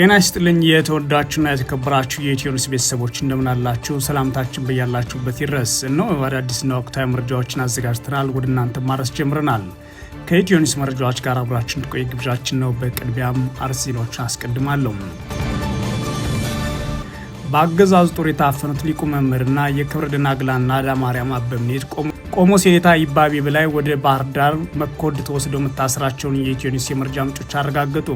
ጤና ይስጥልኝ የተወዳችሁና የተከበራችሁ የኢትዮ ቤተሰቦች እንደምናላችሁ ሰላምታችን በያላችሁበት ይድረስ። እነሆ አዳዲስና ወቅታዊ መረጃዎችን አዘጋጅተናል ወደ እናንተ ማድረስ ጀምረናል። ከኢትዮ መረጃዎች ጋር አብራችን ቆዩ ግብዣችን ነው። በቅድሚያም አርዕስተ ዜናዎችን አስቀድማለሁ። በአገዛዙ ጦር የታፈኑት ሊቁ መምህርና የክብር ደናግላና ማርያም አበምኔት ቆሞስ የኔታ ይባቤ በላይ ወደ ባህር ዳር መኮድ ተወስደው መታሰራቸውን የኢትዮኒስ የመረጃ ምንጮች አረጋገጡ።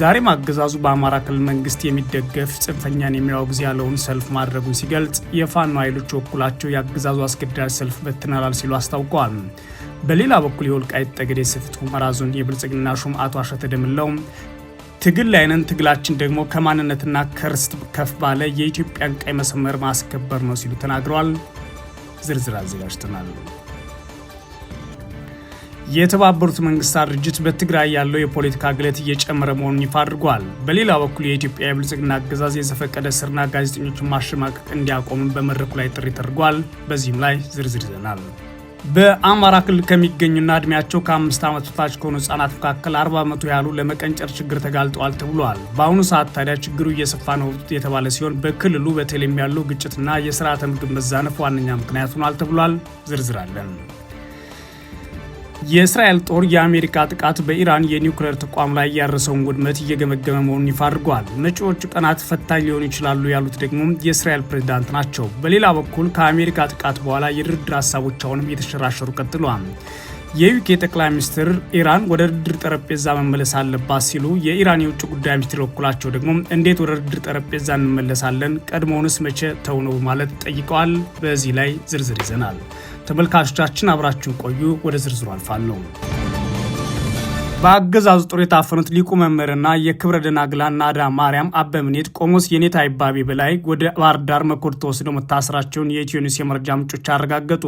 ዛሬም አገዛዙ በአማራ ክልል መንግስት የሚደገፍ ጽንፈኛን የሚያወግዝ ያለውን ሰልፍ ማድረጉን ሲገልጽ የፋኖ ኃይሎች ወኩላቸው የአገዛዙ አስገዳጅ ሰልፍ በትነናል ሲሉ አስታውቀዋል። በሌላ በኩል የወልቃይት ጠገዴ ሰቲት ሁመራ ዞን የብልጽግና ሹም አቶ አሸተ ደምለው ትግል ላይ ነን። ትግላችን ደግሞ ከማንነትና ከርስት ከፍ ባለ የኢትዮጵያን ቀይ መስመር ማስከበር ነው ሲሉ ተናግረዋል። ዝርዝር አዘጋጅተናል። የተባበሩት መንግስታት ድርጅት በትግራይ ያለው የፖለቲካ ግለት እየጨመረ መሆኑን ይፋ አድርጓል። በሌላ በኩል የኢትዮጵያ የብልጽግና አገዛዝ የዘፈቀደ እስርና ጋዜጠኞችን ማሸማቀቅ እንዲያቆምን በመድረኩ ላይ ጥሪ ተደርጓል። በዚህም ላይ ዝርዝር ይዘናል። በአማራ ክልል ከሚገኙና እድሜያቸው ከአምስት ዓመት በታች ከሆኑ ህጻናት መካከል አርባ ያሉ ያህሉ ለመቀንጨር ችግር ተጋልጠዋል ተብሏል። በአሁኑ ሰዓት ታዲያ ችግሩ እየሰፋ ነው የተባለ ሲሆን በክልሉ በተለይም ያለው ግጭትና የስርዓተ ምግብ መዛነፍ ዋነኛ ምክንያት ሆኗል ተብሏል። ዝርዝር አለን። የእስራኤል ጦር የአሜሪካ ጥቃት በኢራን የኒውክሌር ተቋም ላይ ያረሰውን ውድመት እየገመገመ መሆኑን ይፋ አድርጓል። መጪዎቹ ቀናት ፈታኝ ሊሆኑ ይችላሉ ያሉት ደግሞ የእስራኤል ፕሬዝዳንት ናቸው። በሌላ በኩል ከአሜሪካ ጥቃት በኋላ የድርድር ሀሳቦች አሁንም የተሸራሸሩ ቀጥለዋል። የዩኬ ጠቅላይ ሚኒስትር ኢራን ወደ ድርድር ጠረጴዛ መመለስ አለባት ሲሉ፣ የኢራን የውጭ ጉዳይ ሚኒስትር በኩላቸው ደግሞ እንዴት ወደ ድርድር ጠረጴዛ እንመለሳለን? ቀድሞውንስ መቼ ተውነው? ማለት ጠይቀዋል። በዚህ ላይ ዝርዝር ይዘናል። ተመልካቾቻችን አብራችሁን ቆዩ። ወደ ዝርዝሩ አልፋለሁ። በአገዛዙ ጦር የታፈኑት ሊቁ መምህርና የክብረ ደናግላ ናዳ ማርያም አበምኔት ቆሞስ የኔታ አይባቢ በላይ ወደ ባህር ዳር መኮድ ተወስደው መታሰራቸውን የኢትዮኒስ የመረጃ ምንጮች አረጋገጡ።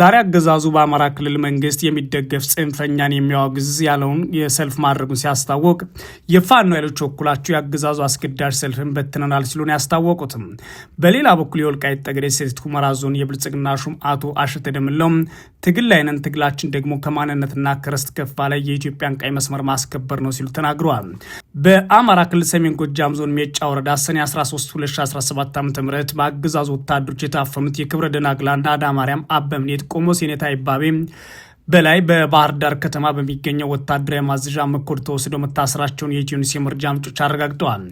ዛሬ አገዛዙ በአማራ ክልል መንግስት የሚደገፍ ጽንፈኛን የሚያወግዝ ያለውን የሰልፍ ማድረጉን ሲያስታወቅ የፋኖ ኃይሎች ወኩላቸው የአገዛዙ አስገዳጅ ሰልፍን በትነናል ሲሉን ያስታወቁትም። በሌላ በኩል የወልቃይት ጠገዴ ሰቲት ሁመራ ዞን የብልጽግና ሹም አቶ አሸተ ደምለው ትግል ላይነን ትግላችን ደግሞ ከማንነትና ከርስት ከፋ ላይ የኢትዮጵያ የኢትዮጵያን ቀይ መስመር ማስከበር ነው ሲሉ ተናግረዋል። በአማራ ክልል ሰሜን ጎጃም ዞን ሜጫ ወረዳ ሰኔ 13 2017 ዓ ም በአገዛዙ ወታደሮች የታፈኑት የክብረ ደናግላና አዳማርያም አበምኔት ቆሞስ የኔታ ይባቤ በላይ በባህር ዳር ከተማ በሚገኘው ወታደራዊ ማዘዣ መኮድ ተወስደው መታሰራቸውን የኢትዮኒስ የመረጃ ምንጮች አረጋግጠዋል።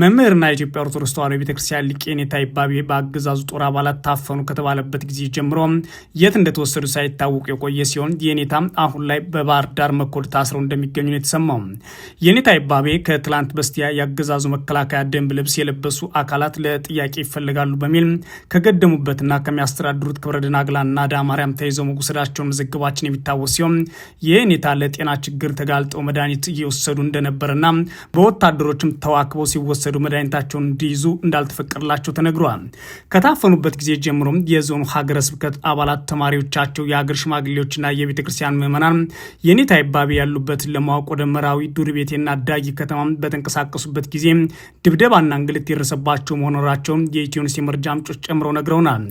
መምህርና የኢትዮጵያ ኦርቶዶክስ ተዋሕዶ ቤተክርስቲያን ሊቅ የኔታ ይባቤ በአገዛዙ ጦር አባላት ታፈኑ ከተባለበት ጊዜ ጀምሮ የት እንደተወሰዱ ሳይታወቅ የቆየ ሲሆን የኔታ አሁን ላይ በባህር ዳር መኮድ ታስረው እንደሚገኙ ነው የተሰማው። የኔታ ይባቤ ከትላንት በስቲያ የአገዛዙ መከላከያ ደንብ ልብስ የለበሱ አካላት ለጥያቄ ይፈልጋሉ በሚል ከገደሙበትና ከሚያስተዳድሩት ክብረ ደናግላና ዳማርያም ተይዘው መወሰዳቸውን መዘገባችን የሚታወስ ሲሆን የኔታ ለጤና ችግር ተጋልጠው መድኃኒት እየወሰዱ እንደነበረና በወታደሮችም ተዋክበው ሲወሰዱ መድኃኒታቸውን እንዲይዙ እንዳልተፈቀደላቸው ተነግሯል። ከታፈኑበት ጊዜ ጀምሮም የዞኑ ሀገረ ስብከት አባላት፣ ተማሪዎቻቸው፣ የሀገር ሽማግሌዎችና የቤተ ክርስቲያን ምዕመናን የኔታ ይባቤ ያሉበት ለማወቅ ወደ መራዊ ዱር ቤቴና ዳጊ ከተማ በተንቀሳቀሱበት ጊዜ ድብደባና እንግልት የደረሰባቸው መኖራቸውን የኢትዮንስ የመረጃ ምንጮች ጨምረው ነግረውናል።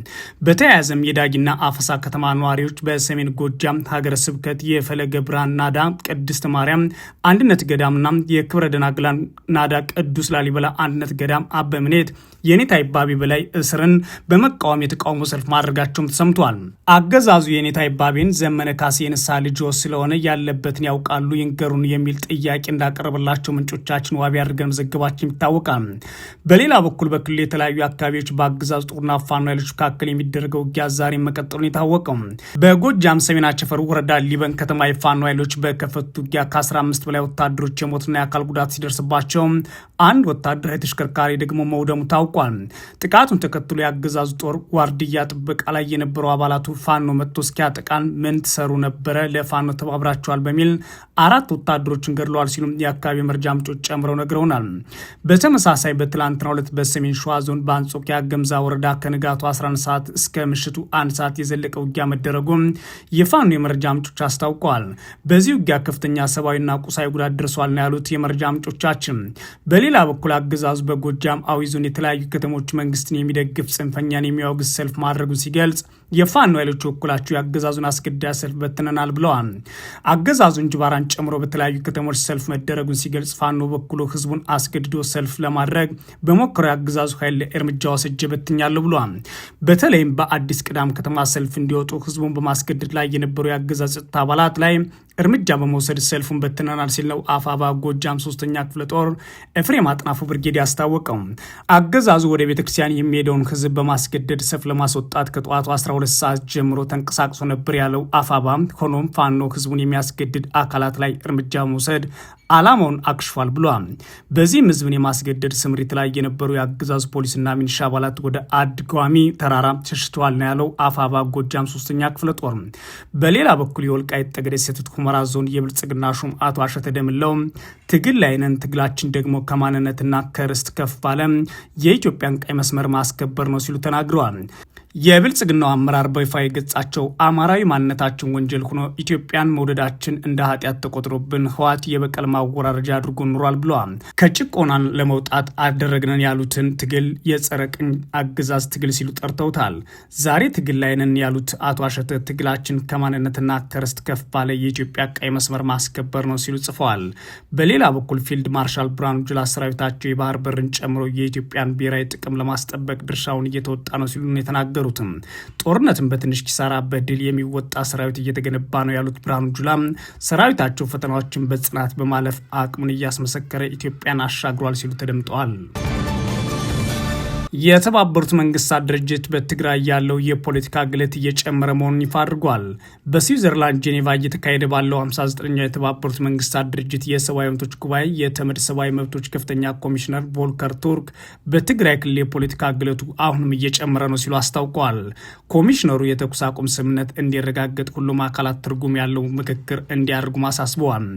በተያያዘም የዳጊና አፈሳ ከተማ ነዋሪዎች በሰሜን ጎጃም ሀገረ ስብከት የፈለገ ብርሃን ናዳ ቅድስት ማርያም አንድነት ገዳምና የክብረ ደናግላን ናዳ ቅዱስ ላሊበላ አንድነት ገዳም አበምኔት የኔታ ይባቤ በላይ እስርን በመቃወም የተቃውሞ ሰልፍ ማድረጋቸውም ተሰምቷል። አገዛዙ የኔታ ይባቤን ዘመነ ካሴ የንሳ ልጆ ስለሆነ ያለበትን ያውቃሉ ይንገሩን የሚል ጥያቄ እንዳቀረበላቸው ምንጮቻችን ዋቢ አድርገን መዘገባችን ይታወቃል። በሌላ በኩል በክልል የተለያዩ አካባቢዎች በአገዛዙ ጦርና ፋኖ ኃይሎች መካከል የሚደረገው ውጊያ ዛሬ መቀጠሉን የታወቀው በጎጃም ሰሜን አቸፈር ወረዳ ሊበን ከተማ የፋኖ ኃይሎች በከፈቱ ውጊያ ከ15 በላይ ወታደሮች የሞትና የአካል ጉዳት ሲደርስባቸው አንድ ወታደራዊ ተሽከርካሪ ደግሞ መውደሙ ታውቋል። አስታውቋል። ጥቃቱን ተከትሎ የአገዛዙ ጦር ዋርድያ ጥበቃ ላይ የነበረው አባላቱ ፋኖ መጥቶ እስኪያጠቃን ምን ትሰሩ ነበረ ለፋኖ ተባብራቸዋል በሚል አራት ወታደሮችን ገድለዋል ሲሉም የአካባቢ መረጃ ምንጮች ጨምረው ነግረውናል። በተመሳሳይ በትላንትና ሁለት በሰሜን ሸዋ ዞን በአንጾኪያ ገምዛ ወረዳ ከንጋቱ 11 ሰዓት እስከ ምሽቱ አንድ ሰዓት የዘለቀ ውጊያ መደረጉም የፋኖ የመረጃ ምንጮች አስታውቀዋል። በዚህ ውጊያ ከፍተኛ ሰብአዊና ቁሳዊ ጉዳት ደርሷል ነው ያሉት የመረጃ ምንጮቻችን። በሌላ በኩል አገዛዙ በጎጃም አዊ ዞን የተለያዩ ከተሞች መንግስትን የሚደግፍ ጽንፈኛን የሚያወግዝ ሰልፍ ማድረጉን ሲገልጽ የፋኖ ኃይሎች በኩላቸው የአገዛዙን አስገዳጅ ሰልፍ በትነናል ብለዋል። አገዛዙን ጅባራን ጨምሮ በተለያዩ ከተሞች ሰልፍ መደረጉን ሲገልጽ ፋኖ በኩሉ ህዝቡን አስገድዶ ሰልፍ ለማድረግ በሞከረው የአገዛዙ ኃይል እርምጃ ወስጄ በትኛለሁ ብለዋል። በተለይም በአዲስ ቅዳም ከተማ ሰልፍ እንዲወጡ ህዝቡን በማስገደድ ላይ የነበሩ የአገዛዝ ጸጥታ አባላት ላይ እርምጃ በመውሰድ ሰልፉን በትነናል ሲል ነው አፋባ ጎጃም ሶስተኛ ክፍለ ጦር ኤፍሬም አጥናፉ ብርጌድ ያስታወቀው። አገዛዙ ወደ ቤተክርስቲያን የሚሄደውን ህዝብ በማስገደድ ሰፍ ለማስወጣት ከጠዋቱ 12 ሰዓት ጀምሮ ተንቀሳቅሶ ነበር ያለው አፋባ፣ ሆኖም ፋኖ ህዝቡን የሚያስገድድ አካላት ላይ እርምጃ በመውሰድ ዓላማውን አክሽፏል ብሏል። በዚህም ህዝብን የማስገደድ ስምሪት ላይ የነበሩ የአገዛዙ ፖሊስና ሚኒሻ አባላት ወደ አድጓሚ ተራራ ሸሽተዋል ነው ያለው አፋባ ጎጃም ሶስተኛ ክፍለ ጦር። በሌላ በኩል የወልቃይት ጠገዴ ሰቲት ሁመራ ዞን የብልጽግና ሹም አቶ አሸተ ደምለው ትግል ላይ ነን፣ ትግላችን ደግሞ ከማንነትና ከርስት ከፍ ባለ የኢትዮጵያን ቀይ መስመር ማስከበር ነው ሲሉ ተናግረዋል። የብልጽግናው አመራር በይፋ የገጻቸው አማራዊ ማንነታችን ወንጀል ሆኖ ኢትዮጵያን መውደዳችን እንደ ኃጢአት ተቆጥሮብን ህዋት የበቀል ማወራረጃ አድርጎ ኑሯል ብለዋል። ከጭቆናን ለመውጣት አደረግነን ያሉትን ትግል የጸረ ቅኝ አገዛዝ ትግል ሲሉ ጠርተውታል። ዛሬ ትግል ላይንን ያሉት አቶ አሸተ ትግላችን ከማንነትና ከርስት ከፍ ባለ የኢትዮጵያ ቀይ መስመር ማስከበር ነው ሲሉ ጽፈዋል። በሌላ በኩል ፊልድ ማርሻል ብርሃኑ ጁላ ሰራዊታቸው የባህር በርን ጨምሮ የኢትዮጵያን ብሔራዊ ጥቅም ለማስጠበቅ ድርሻውን እየተወጣ ነው ሲሉ የተናገሩ ያሉትም ጦርነትን በትንሽ ኪሳራ በድል የሚወጣ ሰራዊት እየተገነባ ነው ያሉት ብርሃኑ ጁላ ሰራዊታቸው ፈተናዎችን በጽናት በማለፍ አቅሙን እያስመሰከረ ኢትዮጵያን አሻግሯል ሲሉ ተደምጠዋል። የተባበሩት መንግስታት ድርጅት በትግራይ ያለው የፖለቲካ ግለት እየጨመረ መሆኑን ይፋ አድርጓል። በስዊዘርላንድ ጄኔቫ እየተካሄደ ባለው 59ኛው የተባበሩት መንግስታት ድርጅት የሰብአዊ መብቶች ጉባኤ የተመድ ሰብአዊ መብቶች ከፍተኛ ኮሚሽነር ቮልከር ቱርክ በትግራይ ክልል የፖለቲካ ግለቱ አሁንም እየጨመረ ነው ሲሉ አስታውቋል። ኮሚሽነሩ የተኩስ አቁም ስምምነት እንዲረጋገጥ ሁሉም አካላት ትርጉም ያለው ምክክር እንዲያደርጉ አሳስበዋል።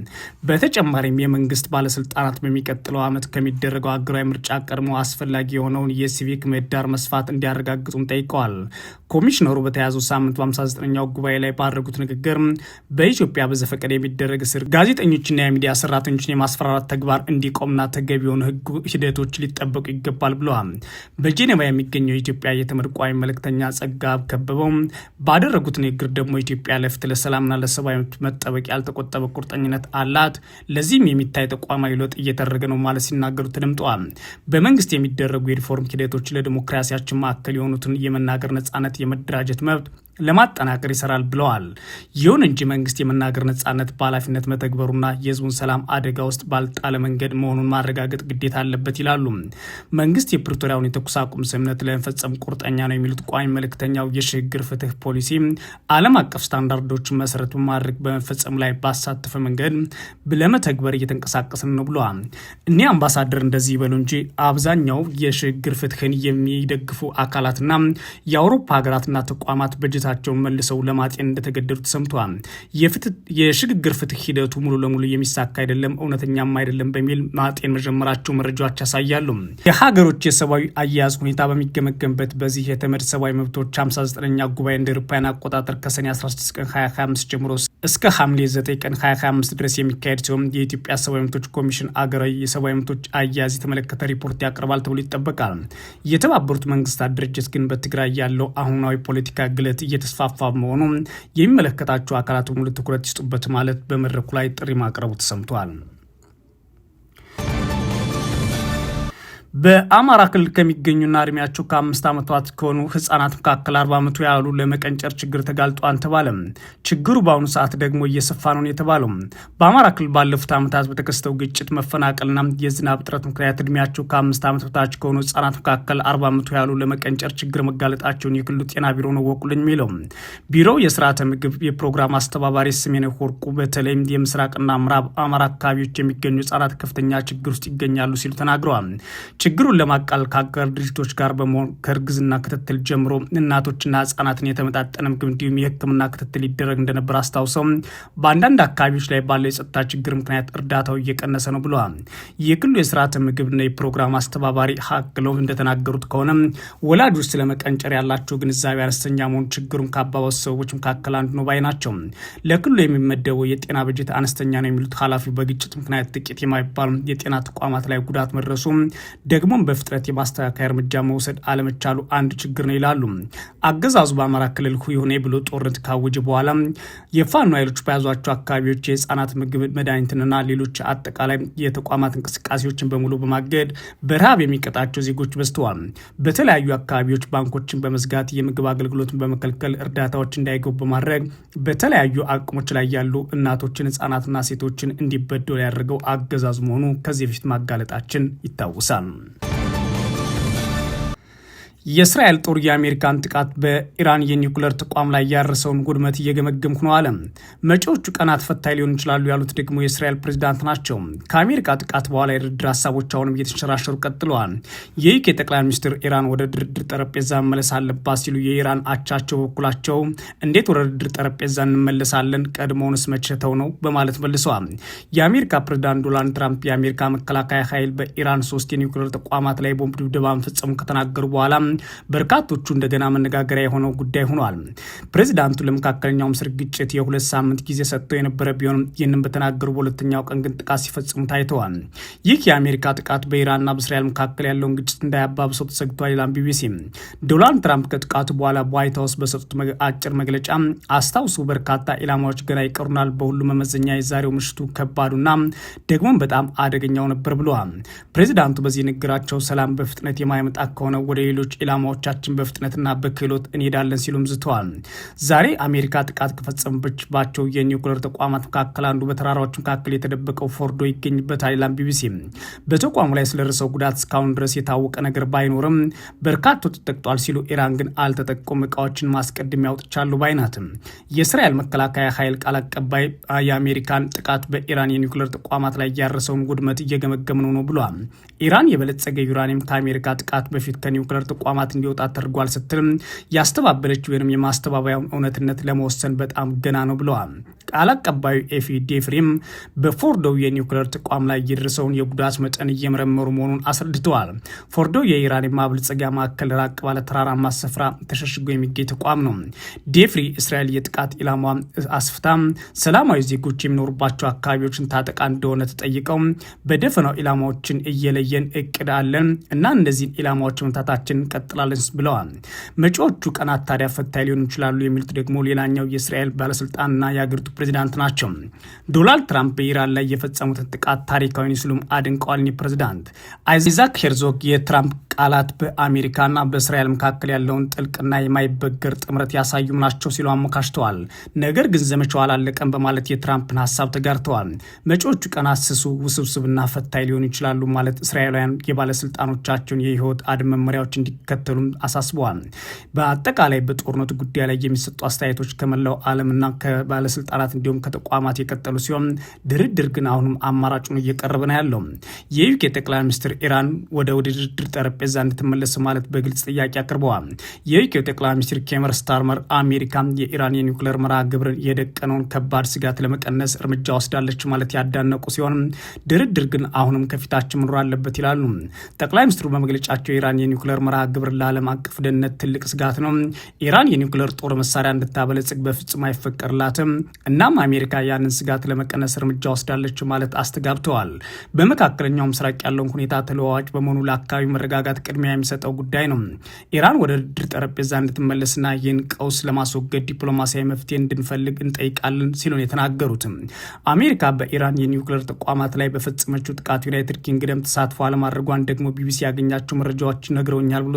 በተጨማሪም የመንግስት ባለስልጣናት በሚቀጥለው ዓመት ከሚደረገው አገራዊ ምርጫ ቀድሞ አስፈላጊ የሆነውን የሲቪል ሲቪክ ምህዳር መስፋት እንዲያረጋግጡም ጠይቀዋል። ኮሚሽነሩ በተያዙ ሳምንት በ59ኛው ጉባኤ ላይ ባደረጉት ንግግር በኢትዮጵያ በዘፈቀደ የሚደረግ እስር፣ ጋዜጠኞችና የሚዲያ ሰራተኞችን የማስፈራራት ተግባር እንዲቆምና ተገቢ የሆኑ ህግ ሂደቶች ሊጠበቁ ይገባል ብለዋል። በጄኔቫ የሚገኘው የኢትዮጵያ የተመድ ቋሚ መልእክተኛ ጸጋ ከበበው ባደረጉት ንግግር ደግሞ ኢትዮጵያ ለፍትህ ለሰላምና ለሰብአዊ መብት መጠበቅ ያልተቆጠበ ቁርጠኝነት አላት፣ ለዚህም የሚታይ ተቋማዊ ለውጥ እየተደረገ ነው ማለት ሲናገሩ ተደምጠዋል። በመንግስት የሚደረጉ የሪፎርም ሂደቶች መብቶች ለዲሞክራሲያችን ማዕከል የሆኑትን የመናገር ነጻነት፣ የመደራጀት መብት ለማጠናከር ይሰራል ብለዋል። ይሁን እንጂ መንግስት የመናገር ነጻነት በኃላፊነት መተግበሩና የህዝቡን ሰላም አደጋ ውስጥ ባልጣለ መንገድ መሆኑን ማረጋገጥ ግዴታ አለበት ይላሉ። መንግስት የፕሪቶሪያውን የተኩስ አቁም ስምምነት ለመፈጸም ቁርጠኛ ነው የሚሉት ቋሚ መልእክተኛው የሽግግር ፍትህ ፖሊሲ ዓለም አቀፍ ስታንዳርዶችን መሰረት በማድረግ በመፈጸሙ ላይ ባሳተፈ መንገድ ለመተግበር እየተንቀሳቀስን ነው ብለዋል። እኒህ አምባሳደር እንደዚህ ይበሉ እንጂ አብዛኛው የሽግግር ፍትህን የሚደግፉ አካላትና የአውሮፓ ሀገራትና ተቋማት በጀት ራሳቸውን መልሰው ለማጤን እንደተገደዱ ሰምተዋል። የሽግግር ፍትህ ሂደቱ ሙሉ ለሙሉ የሚሳካ አይደለም፣ እውነተኛም አይደለም በሚል ማጤን መጀመራቸው መረጃዎች ያሳያሉ። የሀገሮች የሰብአዊ አያያዝ ሁኔታ በሚገመገምበት በዚህ የተመድ ሰብአዊ መብቶች 59ኛ ጉባኤ እንደ አውሮፓውያን አቆጣጠር ከሰኔ 16 ቀን 2025 ጀምሮ እስከ ሐምሌ 9 ቀን 2025 ድረስ የሚካሄድ ሲሆን የኢትዮጵያ ሰብአዊ መብቶች ኮሚሽን አገራዊ የሰብአዊ መብቶች አያያዝ የተመለከተ ሪፖርት ያቀርባል ተብሎ ይጠበቃል። የተባበሩት መንግስታት ድርጅት ግን በትግራይ ያለው አሁናዊ ፖለቲካ ግለት እየተስፋፋ መሆኑ የሚመለከታቸው አካላት ሙሉ ትኩረት ይስጡበት ማለት በመድረኩ ላይ ጥሪ ማቅረቡ ተሰምቷል። በአማራ ክልል ከሚገኙና እድሜያቸው ከአምስት ዓመታት ከሆኑ ህጻናት መካከል አርባ መቶ ያሉ ለመቀንጨር ችግር ተጋልጧን ተባለ። ችግሩ በአሁኑ ሰዓት ደግሞ እየሰፋ ነው የተባለው በአማራ ክልል ባለፉት ዓመታት በተከስተው ግጭት፣ መፈናቀልና የዝናብ እጥረት ምክንያት እድሜያቸው ከአምስት ዓመት በታች ከሆኑ ህጻናት መካከል አርባ መቶ ያሉ ለመቀንጨር ችግር መጋለጣቸውን የክልሉ ጤና ቢሮ ነው ወቁልኝ የሚለው ቢሮው የስርዓተ ምግብ የፕሮግራም አስተባባሪ ስሜነ ወርቁ በተለይም የምስራቅና ምዕራብ አማራ አካባቢዎች የሚገኙ ህጻናት ከፍተኛ ችግር ውስጥ ይገኛሉ ሲሉ ተናግረዋል። ችግሩን ለማቃል ከአጋር ድርጅቶች ጋር በመሆን ከእርግዝና ክትትል ጀምሮ እናቶችና ህጻናትን የተመጣጠነ ምግብ እንዲሁም የህክምና ክትትል ይደረግ እንደነበር አስታውሰው በአንዳንድ አካባቢዎች ላይ ባለው የጸጥታ ችግር ምክንያት እርዳታው እየቀነሰ ነው ብለዋል። የክልሉ የስርዓተ ምግብና የፕሮግራም አስተባባሪ ሀክሎቭ እንደተናገሩት ከሆነ ወላጆች ስለ መቀንጨር ያላቸው ግንዛቤ አነስተኛ መሆኑ ችግሩን ከአባባሱ ሰዎች መካከል አንዱ ነው ባይ ናቸው። ለክልሉ የሚመደበው የጤና በጀት አነስተኛ ነው የሚሉት ኃላፊው በግጭት ምክንያት ጥቂት የማይባሉ የጤና ተቋማት ላይ ጉዳት መድረሱ ደግሞም በፍጥነት የማስተካከያ እርምጃ መውሰድ አለመቻሉ አንድ ችግር ነው ይላሉ። አገዛዙ በአማራ ክልል ሁኔ ብሎ ጦርነት ካወጀ በኋላ የፋኖ ኃይሎች በያዟቸው አካባቢዎች የህፃናት ምግብ፣ መድኃኒትንና ሌሎች አጠቃላይ የተቋማት እንቅስቃሴዎችን በሙሉ በማገድ በረሃብ የሚቀጣቸው ዜጎች በዝተዋል። በተለያዩ አካባቢዎች ባንኮችን በመዝጋት የምግብ አገልግሎትን በመከልከል እርዳታዎች እንዳይገቡ በማድረግ በተለያዩ አቅሞች ላይ ያሉ እናቶችን ህጻናትና ሴቶችን እንዲበደሉ ያደርገው አገዛዝ መሆኑ ከዚህ በፊት ማጋለጣችን ይታወሳል። வணக்கம் የእስራኤል ጦር የአሜሪካን ጥቃት በኢራን የኒውክለር ተቋም ላይ ያረሰውን ጉድመት እየገመገምኩ ነው አለ። መጪዎቹ ቀናት ፈታኝ ሊሆን ይችላሉ ያሉት ደግሞ የእስራኤል ፕሬዚዳንት ናቸው። ከአሜሪካ ጥቃት በኋላ የድርድር ሀሳቦች አሁንም እየተንሸራሸሩ ቀጥለዋል። የዩኬ ጠቅላይ ሚኒስትር ኢራን ወደ ድርድር ጠረጴዛ መመለስ አለባት ሲሉ የኢራን አቻቸው በበኩላቸው እንዴት ወደ ድርድር ጠረጴዛ እንመለሳለን ቀድሞውንስ መቸተው ነው በማለት መልሰዋል። የአሜሪካ ፕሬዚዳንት ዶናልድ ትራምፕ የአሜሪካ መከላከያ ኃይል በኢራን ሶስት የኒውክሌር ተቋማት ላይ ቦምብ ድብደባ መፈጸሙ ከተናገሩ በኋላ በርካቶቹ እንደገና መነጋገሪያ የሆነው ጉዳይ ሆኗል። ፕሬዚዳንቱ ለመካከለኛው ምስር ግጭት የሁለት ሳምንት ጊዜ ሰጥተው የነበረ ቢሆንም ይህንን በተናገሩ በሁለተኛው ቀን ግን ጥቃት ሲፈጽሙ ታይተዋል። ይህ የአሜሪካ ጥቃት በኢራንና በእስራኤል መካከል ያለውን ግጭት እንዳያባብሰው ተሰግቷል ይላል ቢቢሲ። ዶናልድ ትራምፕ ከጥቃቱ በኋላ በዋይት ሀውስ በሰጡት አጭር መግለጫ አስታውሱ፣ በርካታ ኢላማዎች ገና ይቀሩናል። በሁሉም መመዘኛ የዛሬው ምሽቱ ከባዱና ደግሞም በጣም አደገኛው ነበር ብለዋል። ፕሬዚዳንቱ በዚህ ንግግራቸው ሰላም በፍጥነት የማይመጣ ከሆነ ወደ ሌሎች ኢላማዎቻችን በፍጥነትና በክህሎት እንሄዳለን ሲሉም ዝተዋል። ዛሬ አሜሪካ ጥቃት ከፈጸመችባቸው የኒውክሌር ተቋማት መካከል አንዱ በተራራዎች መካከል የተደበቀው ፎርዶ ይገኝበታል ይላል ቢቢሲ። በተቋሙ ላይ ስለደረሰው ጉዳት እስካሁን ድረስ የታወቀ ነገር ባይኖርም በርካቶ ተጠቅጧል ሲሉ ኢራን ግን አልተጠቀም እቃዎችን ማስቀድም ያውጥቻሉ ባይናትም። የእስራኤል መከላከያ ኃይል ቃል አቀባይ የአሜሪካን ጥቃት በኢራን የኒውክሌር ተቋማት ላይ እያረሰውን ጉድመት እየገመገምነው ነው ብሏል። ኢራን የበለጸገ ዩራኒየም ከአሜሪካ ጥቃት በፊት ከኒውክሌር ተቋ ተቋማት እንዲወጣ ተደርጓል ስትልም ያስተባበለች ወይም የማስተባበያ እውነትነት ለመወሰን በጣም ገና ነው ብለዋል። ቃል አቀባዩ ኤፊ ዴፍሪም በፎርዶ የኒውክሌር ተቋም ላይ የደረሰውን የጉዳት መጠን እየመረመሩ መሆኑን አስረድተዋል። ፎርዶ የኢራን የማብልጸጊያ ማዕከል ራቅ ባለ ተራራማ ስፍራ ተሸሽጎ የሚገኝ ተቋም ነው። ዴፍሪ እስራኤል የጥቃት ኢላማ አስፍታ ሰላማዊ ዜጎች የሚኖሩባቸው አካባቢዎችን ታጠቃ እንደሆነ ተጠይቀው በደፈናው ኢላማዎችን እየለየን እቅድ አለን እና እነዚህን ኢላማዎች መምታታችን ትቀጥላለች ብለዋል። መጪዎቹ ቀናት ታዲያ ፈታኝ ሊሆኑ ይችላሉ የሚሉት ደግሞ ሌላኛው የእስራኤል ባለስልጣንና የአገሪቱ ፕሬዚዳንት ናቸው። ዶናልድ ትራምፕ በኢራን ላይ የፈጸሙትን ጥቃት ታሪካዊ ሲሉም አድንቀዋል። ፕሬዚዳንት አይዛክ ሄርዞግ የትራምፕ ቃላት በአሜሪካና በእስራኤል መካከል ያለውን ጥልቅና የማይበገር ጥምረት ያሳዩም ናቸው ሲሉ አሞካሽተዋል። ነገር ግን ዘመቻው አላለቀም በማለት የትራምፕን ሀሳብ ተጋርተዋል። መጪዎቹ ቀናት ስሱ ውስብስብና ፈታኝ ሊሆኑ ይችላሉ ማለት እስራኤላውያን የባለስልጣኖቻቸውን የህይወት አድን መመሪያዎች እንዲ እንዲከተሉም አሳስበዋል። በአጠቃላይ በጦርነቱ ጉዳይ ላይ የሚሰጡ አስተያየቶች ከመላው ዓለምና ከባለስልጣናት እንዲሁም ከተቋማት የቀጠሉ ሲሆን ድርድር ግን አሁንም አማራጩን እየቀረበ ነው ያለው። የዩኬ ጠቅላይ ሚኒስትር ኢራን ወደ ድርድር ጠረጴዛ እንድትመለስ ማለት በግልጽ ጥያቄ አቅርበዋል። የዩኬ ጠቅላይ ሚኒስትር ኬመር ስታርመር አሜሪካ የኢራን የኒውክሌር መርሃ ግብርን የደቀነውን ከባድ ስጋት ለመቀነስ እርምጃ ወስዳለች ማለት ያዳነቁ ሲሆን ድርድር ግን አሁንም ከፊታችን መኖር አለበት ይላሉ። ጠቅላይ ሚኒስትሩ በመግለጫቸው የኢራን የኒውክሌር መርሃ ግብር ለዓለም አቀፍ ደህንነት ትልቅ ስጋት ነው። ኢራን የኒውክሌር ጦር መሳሪያ እንድታበለጽግ በፍጹም አይፈቀድላትም። እናም አሜሪካ ያንን ስጋት ለመቀነስ እርምጃ ወስዳለች ማለት አስተጋብተዋል። በመካከለኛው ምስራቅ ያለውን ሁኔታ ተለዋዋጭ በመሆኑ ለአካባቢው መረጋጋት ቅድሚያ የሚሰጠው ጉዳይ ነው። ኢራን ወደ ድርድር ጠረጴዛ እንድትመለስና ይህን ቀውስ ለማስወገድ ዲፕሎማሲያዊ መፍትሄ እንድንፈልግ እንጠይቃለን ሲሉን የተናገሩትም አሜሪካ በኢራን የኒውክሌር ተቋማት ላይ በፈጸመችው ጥቃት ዩናይትድ ኪንግደም ተሳትፎ አለማድረጓን ደግሞ ቢቢሲ ያገኛቸው መረጃዎች ነግረውኛል ብሎ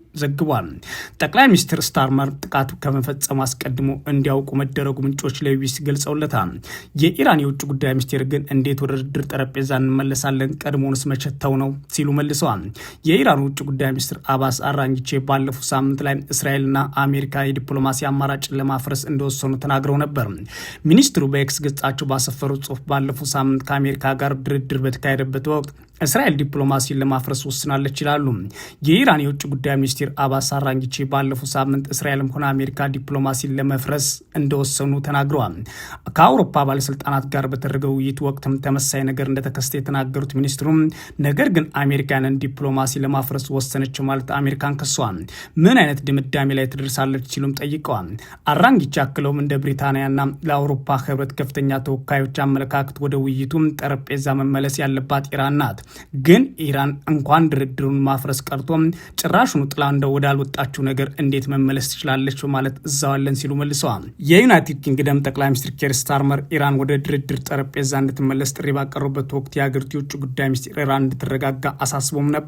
ዘግቧል። ጠቅላይ ሚኒስትር ስታርመር ጥቃቱ ከመፈጸሙ አስቀድሞ እንዲያውቁ መደረጉ ምንጮች ለዩቢሲ ገልጸውለታል። የኢራን የውጭ ጉዳይ ሚኒስቴር ግን እንዴት ወደ ድርድር ጠረጴዛ እንመለሳለን ቀድሞውንስ መቸተው ነው ሲሉ መልሰዋል። የኢራን ውጭ ጉዳይ ሚኒስትር አባስ አራንጊቼ ባለፉ ሳምንት ላይ እስራኤልና አሜሪካ የዲፕሎማሲ አማራጭን ለማፍረስ እንደወሰኑ ተናግረው ነበር። ሚኒስትሩ በኤክስ ገጻቸው ባሰፈሩ ጽሁፍ ባለፉ ሳምንት ከአሜሪካ ጋር ድርድር በተካሄደበት ወቅት እስራኤል ዲፕሎማሲን ለማፍረስ ወስናለች ይላሉ። የኢራን የውጭ ጉዳይ ሚኒስቴር ሚኒስትር አባስ አራንጊቺ ባለፈው ሳምንት እስራኤልም ሆነ አሜሪካ ዲፕሎማሲን ለመፍረስ እንደወሰኑ ተናግረዋል። ከአውሮፓ ባለስልጣናት ጋር በተደረገው ውይይት ወቅትም ተመሳይ ነገር እንደተከሰተ የተናገሩት ሚኒስትሩም ነገር ግን አሜሪካንን ዲፕሎማሲ ለማፍረስ ወሰነችው ማለት አሜሪካን ከሰዋል። ምን አይነት ድምዳሜ ላይ ትደርሳለች ሲሉም ጠይቀዋል። አራንጊቼ አክለውም እንደ ብሪታንያና ለአውሮፓ ህብረት ከፍተኛ ተወካዮች አመለካከት ወደ ውይይቱም ጠረጴዛ መመለስ ያለባት ኢራን ናት። ግን ኢራን እንኳን ድርድሩን ማፍረስ ቀርቶ ጭራሹኑ ጥላ እንደው ወዳልወጣችው ነገር እንዴት መመለስ ትችላለች በማለት እዛዋለን ሲሉ መልሰዋል። የዩናይትድ ኪንግደም ጠቅላይ ሚኒስትር ኬር ስታርመር ኢራን ወደ ድርድር ጠረጴዛ እንድትመለስ ጥሪ ባቀረቡበት ወቅት የሀገሪቱ የውጭ ጉዳይ ሚኒስትር ኢራን እንድትረጋጋ አሳስቦም ነበር።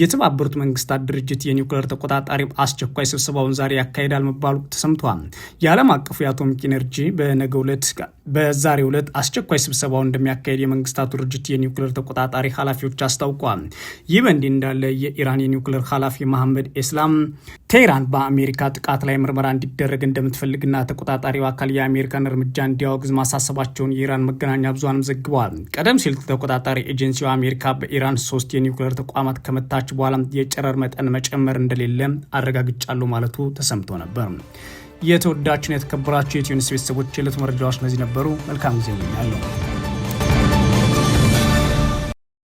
የተባበሩት መንግስታት ድርጅት የኒውክሌር ተቆጣጣሪ አስቸኳይ ስብሰባውን ዛሬ ያካሄዳል መባሉ ተሰምተዋል። የዓለም አቀፉ የአቶሚክ ኤነርጂ በነገው ዕለት በዛሬው ዕለት አስቸኳይ ስብሰባውን እንደሚያካሄድ የመንግስታቱ ድርጅት የኒውክሌር ተቆጣጣሪ ኃላፊዎች አስታውቋል። ይህ በእንዲህ እንዳለ የኢራን የኒውክሌር ኃላፊ መሐመድ ኤስላም ቴህራን በአሜሪካ ጥቃት ላይ ምርመራ እንዲደረግ እንደምትፈልግና ተቆጣጣሪው አካል የአሜሪካን እርምጃ እንዲያወግዝ ማሳሰባቸውን የኢራን መገናኛ ብዙሃንም ዘግበዋል። ቀደም ሲል ተቆጣጣሪ ኤጀንሲው አሜሪካ በኢራን ሶስት የኒውክሌር ተቋማት ከመታች በኋላ የጨረር መጠን መጨመር እንደሌለ አረጋግጫለሁ ማለቱ ተሰምቶ ነበር። የተወዳችሁን የተከበራችሁ የኢትዮ ኒውስ ቤተሰቦች የዕለቱ መረጃዎች እነዚህ ነበሩ። መልካም ጊዜ ያለው